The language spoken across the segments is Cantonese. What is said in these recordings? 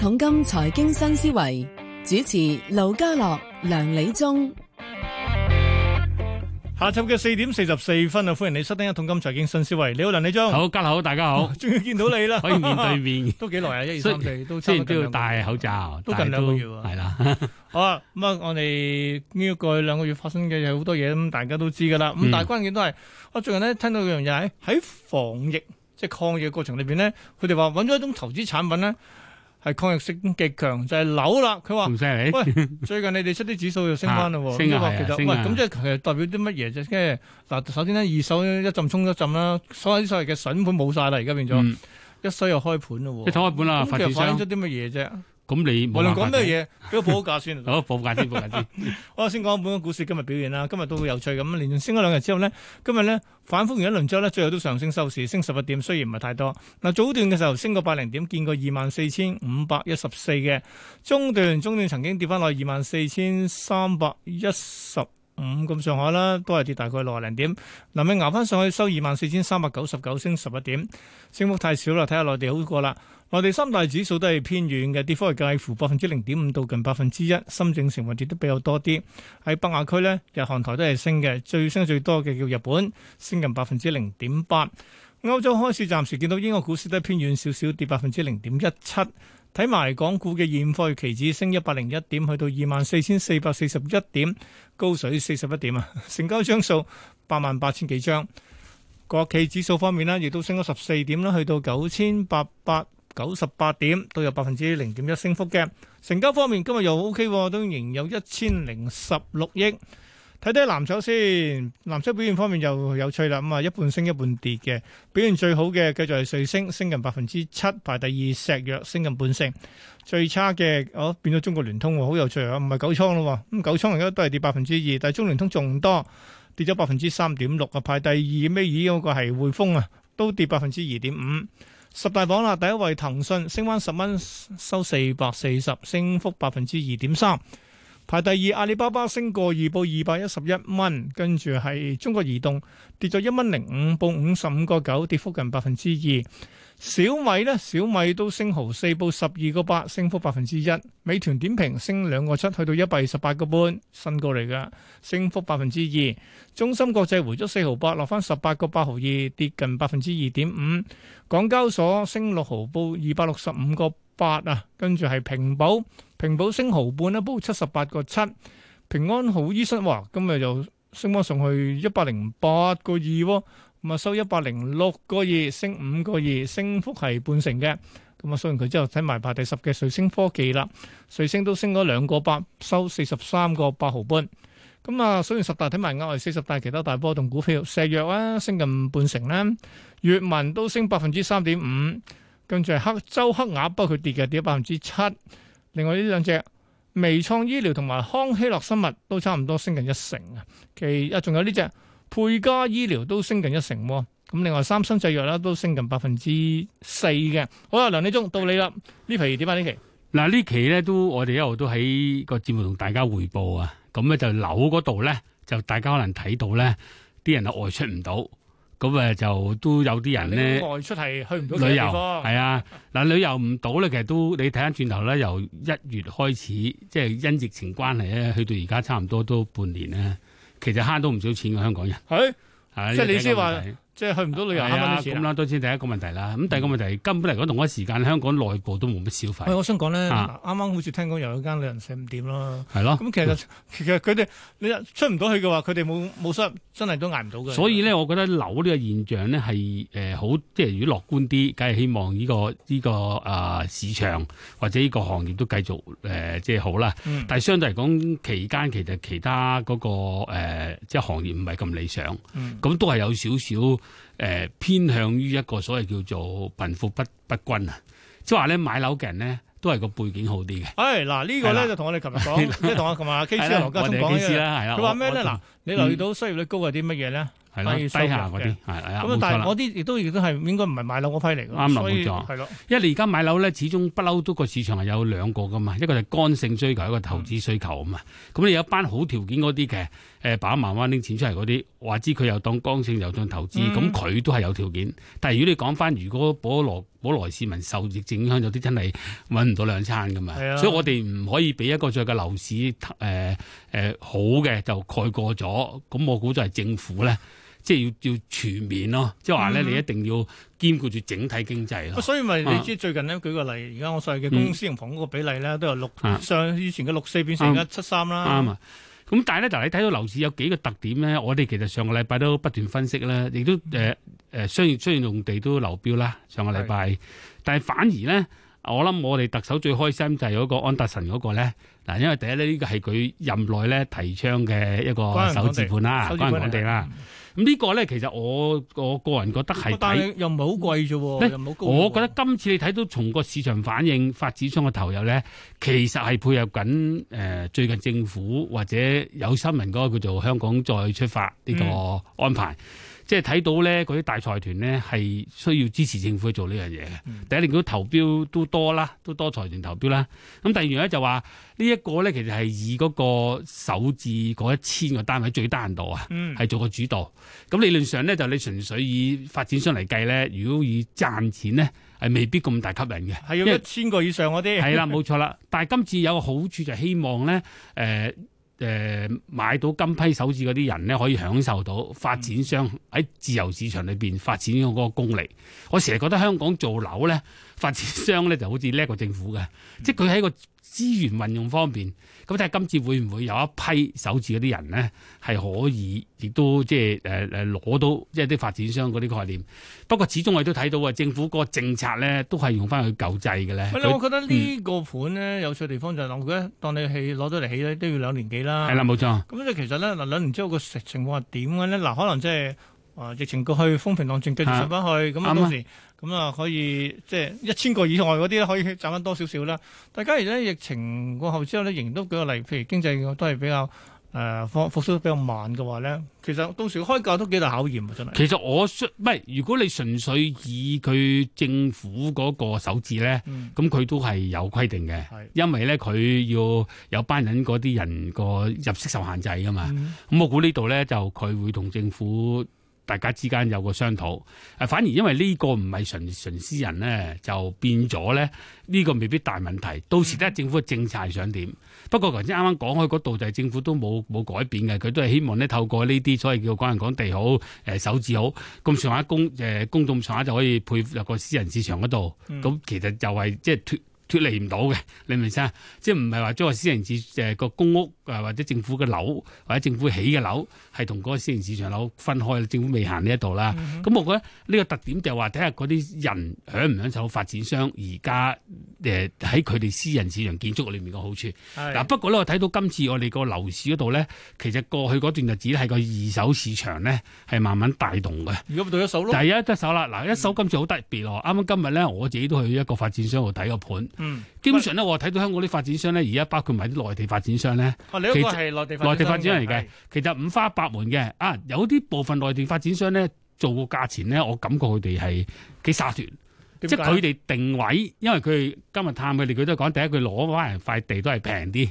統金財經新思維主持盧家樂梁理中，下晝嘅四點四十四分啊！歡迎你收聽《統金財經新思維》，你好，梁理中。好，家好，大家好，終 於見到你啦，可以面對面， 都幾耐啊？一二三四，都差都要戴口罩，都近兩個月係啦。好啊，咁啊，我哋呢個兩個月發生嘅有好多嘢，咁大家都知噶啦。咁但係關鍵都係、嗯、我最近咧聽到的一樣嘢喺防疫即係抗疫嘅過程裏邊呢，佢哋話揾咗一種投資產品呢。係抗藥性極強就係樓啦，佢話唔犀利。用 喂，最近你哋出啲指數又升翻啦，咁即係其實代表啲乜嘢啫？即嗱，首先咧，二手一浸沖一浸啦，所有啲所謂嘅筍盤冇晒啦，而家變咗、嗯、一衰又開盤啦，咁、嗯、其實反映咗啲乜嘢啫？咁你，無論講咩嘢，都 報好價先。 好，報價 先。報價先。我先講本個股市今日表現啦。今日都好有趣咁，連續升咗兩日之後呢，今日呢，反覆完一輪之後呢，最後都上升收市，升十一點，雖然唔係太多。嗱，早段嘅時候升過百零點，見過二萬四千五百一十四嘅。中段，中段曾經跌翻落二萬四千三百一十五咁上下啦，都係跌大概六零點。嗱，尾熬翻上去收二萬四千三百九十九，升十一點，升幅太少啦，睇下內地好過啦。內地三大指數都係偏軟嘅，跌幅係介乎百分之零點五到近百分之一。深證成分跌得比較多啲。喺北亞區呢，日韓台都係升嘅，最升最多嘅叫日本，升近百分之零點八。歐洲開市暫時見到英國股市都係偏軟少少，跌百分之零點一七。睇埋港股嘅現貨期指升一百零一點，去到二萬四千四百四十一點，高水四十一點啊。成交張數八萬八千幾張。國企指數方面呢，亦都升咗十四點啦，去到九千八百。九十八點都有百分之零點一升幅嘅，成交方面今日又 OK，都仍有一千零十六億。睇睇藍籌先，藍籌表現方面又有趣啦。咁啊，一半升一半跌嘅，表現最好嘅繼續係瑞星，升近百分之七，哦、排第二；石藥升近半成，最差嘅哦變咗中國聯通，好有趣啊，唔係九倉咯，咁九倉而家都係跌百分之二，但係中聯通仲多，跌咗百分之三點六啊，排第二尾二嗰個係匯豐啊，都跌百分之二點五。十大榜啦，第一位騰訊，升翻十蚊，收四百四十，升幅百分之二點三。排第二，阿里巴巴升個二，報二百一十一蚊。跟住係中國移動跌咗一蚊零五，報五十五個九，跌幅近百分之二。小米呢？小米都升毫四，報十二個八，升幅百分之一。美團點評升兩個七，去到一百二十八個半，新高嚟嘅，升幅百分之二。中芯國際回咗四毫八，落翻十八個八毫二，跌近百分之二點五。港交所升六毫，報二百六十五個八啊，跟住係平保。平保升毫半，呢煲七十八個七。平安好醫生話，今日又升翻上去一百零八個二喎。咁啊，收一百零六個二，升五個二，升幅係半成嘅。咁啊，收完佢之後睇埋排第十嘅瑞星科技啦，瑞星都升咗兩個八，收四十三個八毫半。咁啊，收完十大睇埋額外四十大其他大波動股票，石藥啊，升近半成啦。越文都升百分之三點五，跟住係黑洲黑鴨，不過佢跌嘅，跌咗百分之七。另外呢兩隻微創醫療同埋康希諾生物都差唔多升近一成啊，其啊，仲有呢隻沛嘉醫療都升近一成喎，咁另外三生製藥啦都升近百分之四嘅。好啦，梁理中到你啦，這期、這期，呢期點啊呢期？嗱，呢期咧都我哋一路都喺個節目同大家彙報啊，咁咧就樓嗰度咧就大家可能睇到咧啲人啊外出唔到。咁啊，就都有啲人咧，外出係去唔到嘅地方。係啊，嗱，旅遊唔到咧，其實都你睇翻轉頭咧，由一月開始，即係因疫情關係咧，去到而家差唔多都半年咧，其實慳到唔少錢嘅香港人。係，係，即係你先話。即係去唔到旅遊，慳咁啦，多先第一個問題啦。咁第二個問題，嗯、根本嚟講同一時間，香港內部都冇乜消費、哎。我想講咧，啱、啊、啱好似聽講有有間旅行社唔掂啦。係咯。咁其實、嗯、其實佢哋你出唔到去嘅話，佢哋冇冇收，真係都捱唔到嘅。所以咧，我覺得樓呢個現象咧係、呃、好，即係如果樂觀啲，梗係希望呢、這個呢、這個、呃、市場或者呢個行業都繼續即係、呃、好啦、嗯。但係相對嚟講，期間其實其他嗰、那個、呃、即係行業唔係咁理想。咁、嗯、都係有少少。誒、呃，偏向於一個所謂叫做貧富不不均啊，即係話咧買樓嘅人咧都係個背景好啲嘅。誒，嗱、這個、呢 KC, KC,、這個咧就同我哋琴日講，即係同我琴日 K 羅家聰講嘅。佢話咩咧？嗱，你留意到失業率高係啲乜嘢咧？嗯係咯，低下嗰啲，係、嗯、啊，咁但係我啲亦都亦都係應該唔係買樓嗰批嚟嘅，啱啦，冇錯，係咯。因為你而家買樓咧，始終不嬲都個市場係有兩個㗎嘛，一個係剛性需求，一個投資需求啊嘛。咁、嗯、你有一班好條件嗰啲嘅，誒把媽媽拎錢出嚟嗰啲，話知佢又當剛性又當投資，咁、嗯、佢都係有條件。但係如果你講翻，如果普羅普羅市民受疫症影響，有啲真係揾唔到兩餐㗎嘛、嗯，所以我哋唔可以俾一個在嘅樓市誒誒、呃呃、好嘅就蓋過咗。咁我估就係政府咧。即係要要全面咯，即係話咧，你一定要兼顧住整體經濟咯、嗯。所以咪你知最近咧，舉個例，而、嗯、家我所謂嘅公司同房屋個比例咧，都由六上以前嘅六四變成而家七三啦。啱、嗯、啊！咁、嗯嗯嗯嗯嗯、但係咧，嗱你睇到樓市有幾個特點咧，我哋其實上個禮拜都不斷分析啦，亦都誒誒、呃呃、商業出現用地都流標啦。上個禮拜，但係反而咧，我諗我哋特首最開心就係有個安達臣嗰個咧。因為第一，呢呢個係佢任內咧，提倡嘅一個首置盤啦，港人港地啦。咁呢個咧，其實我我個人覺得係，但又唔係好貴啫，又唔好高。我覺得今次你睇到從個市場反應，發展商嘅投入咧，其實係配合緊最近政府或者有新聞嗰個叫做香港再出發呢個安排。嗯。即係睇到咧，嗰啲大財團咧係需要支持政府去做呢樣嘢嘅。第一令到佢投標都多啦，都多財團投標啦。咁第二樣咧就話呢一個咧，其實係以嗰個首置嗰一千個單位最單度啊，係做個主導。咁、嗯、理論上咧，就你純粹以發展商嚟計咧，如果以賺錢咧，係未必咁大吸引嘅。係要一千個以上嗰啲。係啦，冇 錯啦。但係今次有個好處就係、希望咧，誒、呃。誒買到金批首置嗰啲人咧，可以享受到發展商喺自由市場裏面發展嘅嗰個功力。我成日覺得香港做樓咧，發展商咧就好似叻過政府嘅，即係佢喺個。資源運用方面，咁但係今次會唔會有一批首置嗰啲人呢？係可以亦都即係誒誒攞到即係啲發展商嗰啲概念。不過始終我哋都睇到啊，政府個政策咧都係用翻去舊制嘅咧。係，我覺得這個款呢個盤呢，有趣嘅地方就係、是，嗱，佢當你係攞咗嚟起咧，都要兩年幾啦。係啦，冇錯。咁即其實咧，嗱兩年之後個情情況係點嘅咧？嗱，可能即、就、係、是。啊！疫情過去，風平浪靜，繼續上翻去咁，到、啊、時咁啊可以即係一千個以外嗰啲，可以賺翻多少少啦。大家而家疫情過後之後咧，仍然都舉個例，譬如經濟都係比較誒復復甦比較慢嘅話咧，其實到時開價都幾大考驗、啊、真係。其實我唔係，如果你純粹以佢政府嗰個手指咧，咁、嗯、佢都係有規定嘅，因為咧佢要有班人嗰啲人個入息受限制噶嘛。咁、嗯、我估呢度咧就佢會同政府。大家之間有個商討，誒反而因為呢個唔係純純私人咧，就變咗咧，呢個未必大問題。到時咧，政府嘅政策係想點，嗯？不過頭先啱啱講開嗰度就係，是，政府都冇冇改變嘅，佢都係希望咧透過呢啲，所謂叫港人港地好，誒手指好咁上下公誒公眾上下就可以配入個私人市場嗰度。咁，嗯，其實就係即係脫。就是脫離唔到嘅，你明唔明啊？即係唔係話即個私人市誒個公屋或者政府嘅樓或者政府起嘅樓係同嗰個私人市場樓分開？政府未行呢一度啦。咁、嗯、我覺得呢個特點就係話睇下嗰啲人享唔享受發展商而家誒喺佢哋私人市場建築裏面嘅好處。嗱，不過咧我睇到今次我哋個樓市嗰度咧，其實過去嗰段日子係個二手市場咧係慢慢帶動嘅。如果咪一手咯，第、就係、一手啦。嗱，一手今次好特別咯。啱、嗯、啱今日咧我自己都去一個發展商度睇個盤。嗯，基本上咧，我睇到香港啲發展商咧，而家包括埋啲內地發展商咧，啊、哦，你嗰個係內地發展商嚟嘅，其實，發其實五花八門嘅，啊，有啲部分內地發展商咧，做個價錢咧，我感覺佢哋係幾沙屯，即係佢哋定位，因為佢今日探佢哋，佢都係講，第一佢攞翻嚟塊地都係平啲，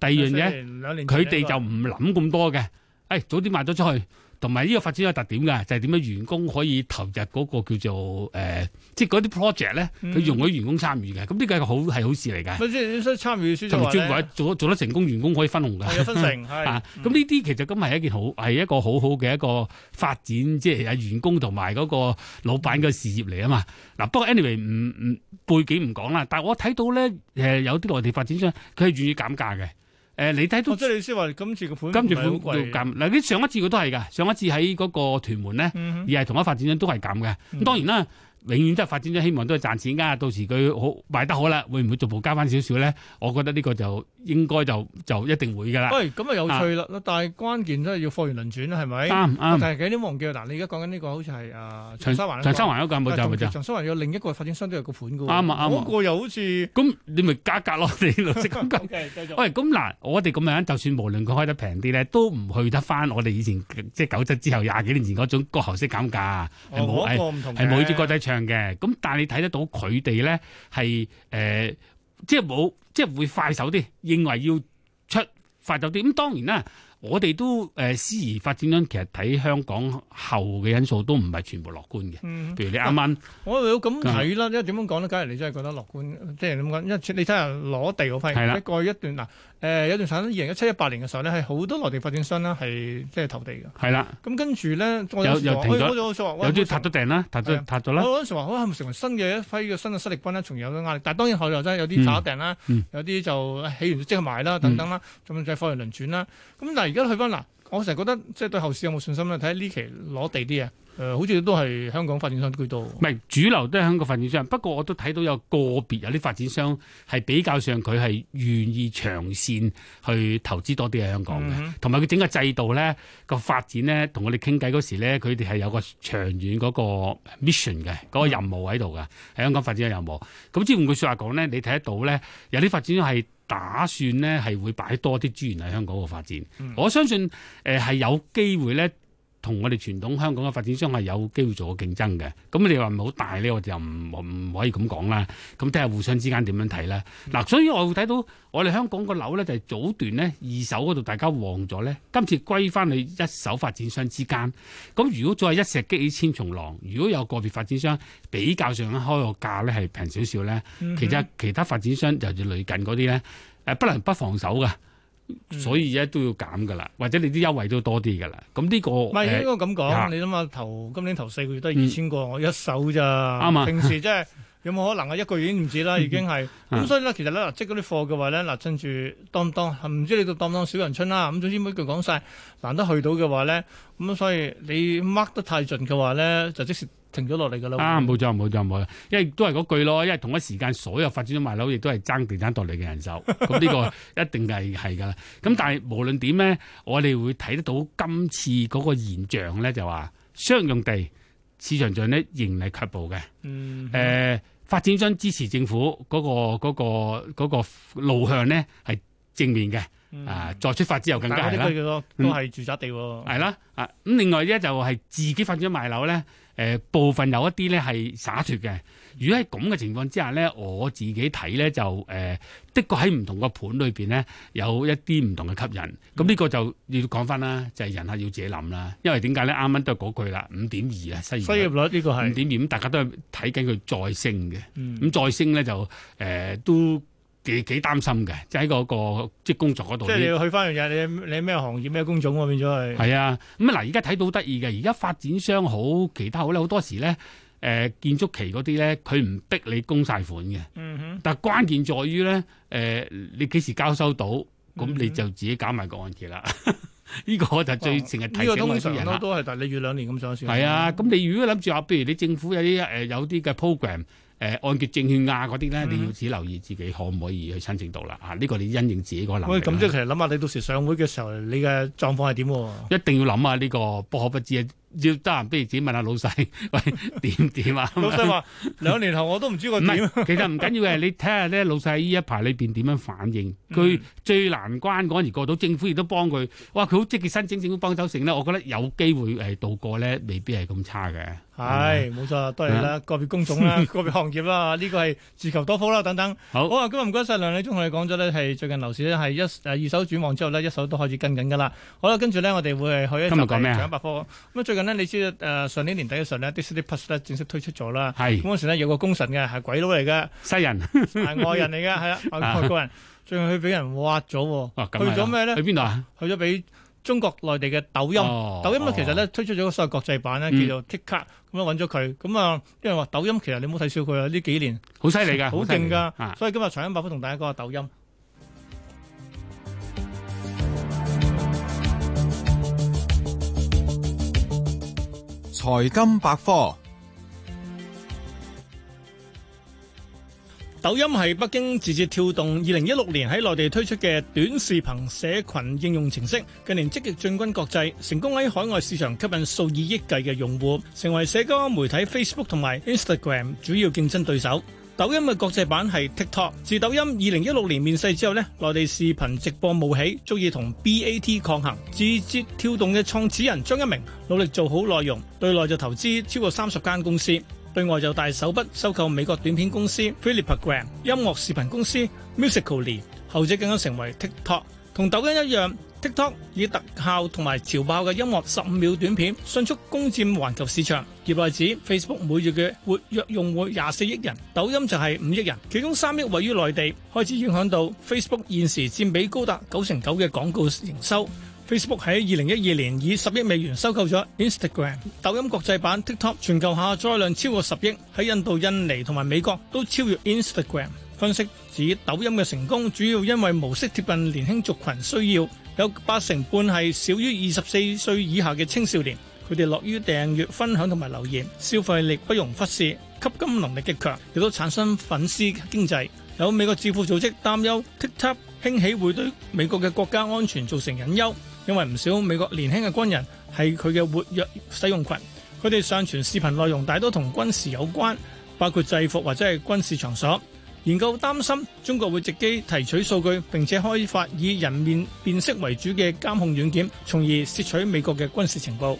第二樣嘢，佢哋、那個、就唔諗咁多嘅，誒、哎，早啲賣咗出去。同埋呢個發展有特點㗎，就係點樣員工可以投入嗰個叫做、呃、即係嗰啲 project 咧，佢容許員工參與嘅。咁呢個係好係好事嚟㗎。咁即係參與舒同埋做做得成功，員工可以分紅嘅。係分成。咁呢啲其實咁係一件好係一個好好嘅一個發展，即係員工同埋嗰個老闆嘅事業嚟啊嘛。嗱不過 anyway 唔唔背景唔講啦，但係我睇到咧有啲內地發展商佢係願意減價嘅。呃、你睇到，都、哦、即係你先話，今次個盤今次盤要嗱，上一次佢都係㗎，上一次喺嗰個屯門咧，而、嗯、係同一發展商都係減嘅，當然啦。永遠都係發展咗，希望都係賺錢噶。到時佢好賣得好啦，會唔會逐步加翻少少咧？我覺得呢個就應該就就一定會噶啦。喂，咁啊有趣啦，啊！但係關鍵都係要貨源輪轉啦，係咪？啱，唔，啱。但係幾點忘記啦？嗱，你而家講緊呢個好似係啊長沙灣。長沙灣嗰間冇就長沙有，啊，另一個發展商都有個款噶喎。啱啊啱。嗰，嗰個又好似咁，嗯，你咪價格咯，你咯。咁繼續。喂，咁嗱，我哋咁樣，就算無論佢開得平啲咧，都唔去得翻我哋以前即係九七之後廿幾年前嗰種割喉式減價。哦，冇唱嘅，咁但係你睇得到佢哋咧，係誒即係冇，即係會快手啲，認為要出快手啲，咁當然啦。我哋都誒、呃，私營發展商其實睇香港後嘅因素都唔係全部樂觀嘅。譬、嗯、如你啱啱我咁睇啦，因為點樣講呢？假如你真係覺得樂觀，即係點講？因為你睇下攞地嗰批，的就是、過一段嗱，誒、呃、有段時間，二零一七一八年嘅時候呢，係好多內地發展商咧係即係投地嘅。係啦。咁、嗯嗯、跟住呢，有啲塌咗訂啦，塌咗塌咗啦。我嗰時話，可能成為新嘅一批嘅新嘅生力軍呢？仲有啲壓力。但係當然後來真係有啲塌訂啦，有啲就起完即刻賣啦，等等啦，咁就貨源輪轉啦。咁但而、啊、家去翻嗱，我成日覺得即係對後市有冇信心咧？睇下呢期攞地啲嘢，誒、呃，好似都係香港發展商居多。唔係主流都係香港發展商，不過我都睇到有個別有啲發展商係比較上佢係願意長線去投資多啲喺香港嘅。同埋佢整個制度咧個發展咧，同我哋傾偈嗰時咧，佢哋係有個長遠嗰個 mission 嘅嗰、那個任務喺度嘅，喺、嗯、香港發展嘅任務。咁即係換句説話講咧，你睇得到咧，有啲發展商係。打算咧係會擺多啲資源喺香港嘅發展，我相信誒係有機會咧。同我哋傳統香港嘅發展商係有機會做過競爭嘅，咁你話唔係好大呢，我哋又唔唔可以咁講啦。咁睇下互相之間點樣睇啦。嗱、嗯啊，所以我會睇到我哋香港個樓咧就係早段咧二手嗰度，大家旺咗咧，今次歸翻去一手發展商之間。咁如果再係一石激起千重浪，如果有個別發展商比較上開個價咧係平少少咧，其、嗯、他其他發展商就要類近嗰啲咧，誒不能不防守噶。嗯、所以而家都要減噶啦，或者你啲優惠都多啲噶啦。咁呢、呢個唔係應該咁講，你諗下頭今年頭四個月得二千個，我、嗯、一手咋、嗯，平時即係有冇可能啊？一個月已經唔止啦、嗯，已經係咁、嗯嗯嗯。所以咧，其實咧，積嗰啲貨嘅話咧，嗱，趁住當當，唔知你當唔當小人春啦、啊。咁總之每句講晒，難得去到嘅話咧，咁所以你 mark 得太盡嘅話咧，就即時。停咗落嚟噶啦！啊，冇錯冇錯冇錯，因為都係嗰句咯，因為同一時間所有發展咗賣樓，亦都係爭地產代理嘅人手。咁 呢個一定係係噶。咁但係無論點咧，我哋會睇得到今次嗰個現象咧，就話商用地市場上咧仍係卻步嘅。誒、嗯嗯呃，發展商支持政府嗰、那個嗰、那個嗰、那個路向咧係正面嘅、嗯。啊，再出發之後更加啦。嗰啲都係住宅地。係、嗯、啦、嗯。啊，咁、嗯、另外咧就係自己發展商賣樓咧。誒、呃、部分有一啲咧係灑脱嘅，如果喺咁嘅情況之下咧，我自己睇咧就誒、呃、的確喺唔同個盤裏面咧有一啲唔同嘅吸引，咁、嗯、呢個就要講翻啦，就係、是、人啊要自己諗啦，因為點解咧啱啱都係嗰句啦，五點二啊，失業率呢個係五點二，咁大家都係睇緊佢再升嘅，咁、嗯、再升咧就誒、呃、都。幾幾擔心嘅，即喺嗰個即工作嗰度。即你要去翻樣嘢，你你咩行業咩工種變咗係？係啊，咁嗱，而家睇到好得意嘅，而家發展商好，其他好咧，好多時咧，誒、呃、建築期嗰啲咧，佢唔逼你供晒款嘅。嗯哼。但關鍵在於咧，誒、呃、你幾時交收到，咁你就自己搞埋個按揭啦。呢、嗯、 個就最成日睇。呢、這個通常都 都係，但係你預兩年咁上下算。係啊，咁、嗯、你如果諗住話，譬如你政府有啲誒有啲嘅 program。誒按揭證券啊呢，嗰啲咧你要只留意自己可唔可以去申請到啦啊！呢、這個你因應自己個能力。喂，咁即係其實諗下，你到時上會嘅時候，你嘅狀況係點、啊？一定要諗下呢個不可不知啊！要得閒，不如自己問下老細，喂點點啊？老細話兩年後我都唔知個點。唔係，其實唔緊要嘅，你睇下咧，老細喺呢一排裏邊點樣反應。佢最難關嗰陣時過到，政府亦都幫佢。哇，佢好積極申請，政府幫手剩咧，我覺得有機會誒渡過咧，未必係咁差嘅。係冇錯，多謝啦。個別工種啦，個別行業啦，呢個係自求多福啦。等等。好啊，今日唔該曬梁理中，同你講咗咧係最近樓市咧係一誒二手轉旺之後咧一手都開始跟緊㗎啦。好啦，跟住咧我哋會係去一場百搶百科。咁啊最近。你知道誒、呃，上年年底嘅時候咧，Disney+ 咧正式推出咗啦。係，嗰陣時咧有個功臣嘅係鬼佬嚟嘅，西人，係 外人嚟嘅，係啊，外國人，最後佢俾人挖咗，去咗咩咧？去邊度啊？去咗俾中國內地嘅抖音，抖音啊，其實咧推出咗個所謂國際版咧，叫做 TikTok，咁啊揾咗佢，咁啊，因為話抖音其實，哦嗯、Tikkat，抖音其實你冇睇小佢啊，呢幾年好犀利噶，好勁噶，所以今日財金百科同大家講下抖音。財金百科，抖音係北京字節跳動二零一六年喺內地推出嘅短視頻社群應用程式，近年積極進軍國際，成功喺海外市場吸引數以億計嘅用戶，成為社交媒體 Facebook 同埋 Instagram 主要競爭對手。抖音嘅國際版係 TikTok。自抖音二零一六年面世之後咧，內地視頻直播冒起，足以同 BAT 抗衡。字節跳動嘅創始人張一鳴努力做好內容，對內就投資超過三十間公司，對外就大手筆收購美國短片公司 Philippa Graham、音樂視頻公司 Musical.ly，後者更加成為 TikTok，同抖音一樣。TikTok 以特效同埋潮爆嘅音樂15秒短片迅速攻佔環球市場。業內指，Facebook 每月嘅活躍用戶廿四億人，抖音就係5億人，其中三億位於內地，開始影響到 Facebook 現時佔比高達九成九嘅廣告營收。Facebook 喺二零一二年以十億美元收購咗 Instagram。抖音國際版 TikTok 全球下載量超過10億，喺印度、印尼同埋美國都超越 Instagram。分析指抖音嘅成功主要因為模式貼近年輕族群需要。有八成半係少於二十四歲以下嘅青少年，佢哋樂於訂閱、分享同埋留言，消費力不容忽視，吸金能力極強，亦都產生粉絲經濟。有美國智庫組織擔憂，TikTok 興起會對美國嘅國家安全造成隱憂，因為唔少美國年輕嘅軍人係佢嘅活躍使用群，佢哋上傳視頻內容大多同軍事有關，包括制服或者係軍事場所。研究擔心中國會直機提取數據，並且開發以人面辨識為主嘅監控軟件，從而竊取美國嘅軍事情報。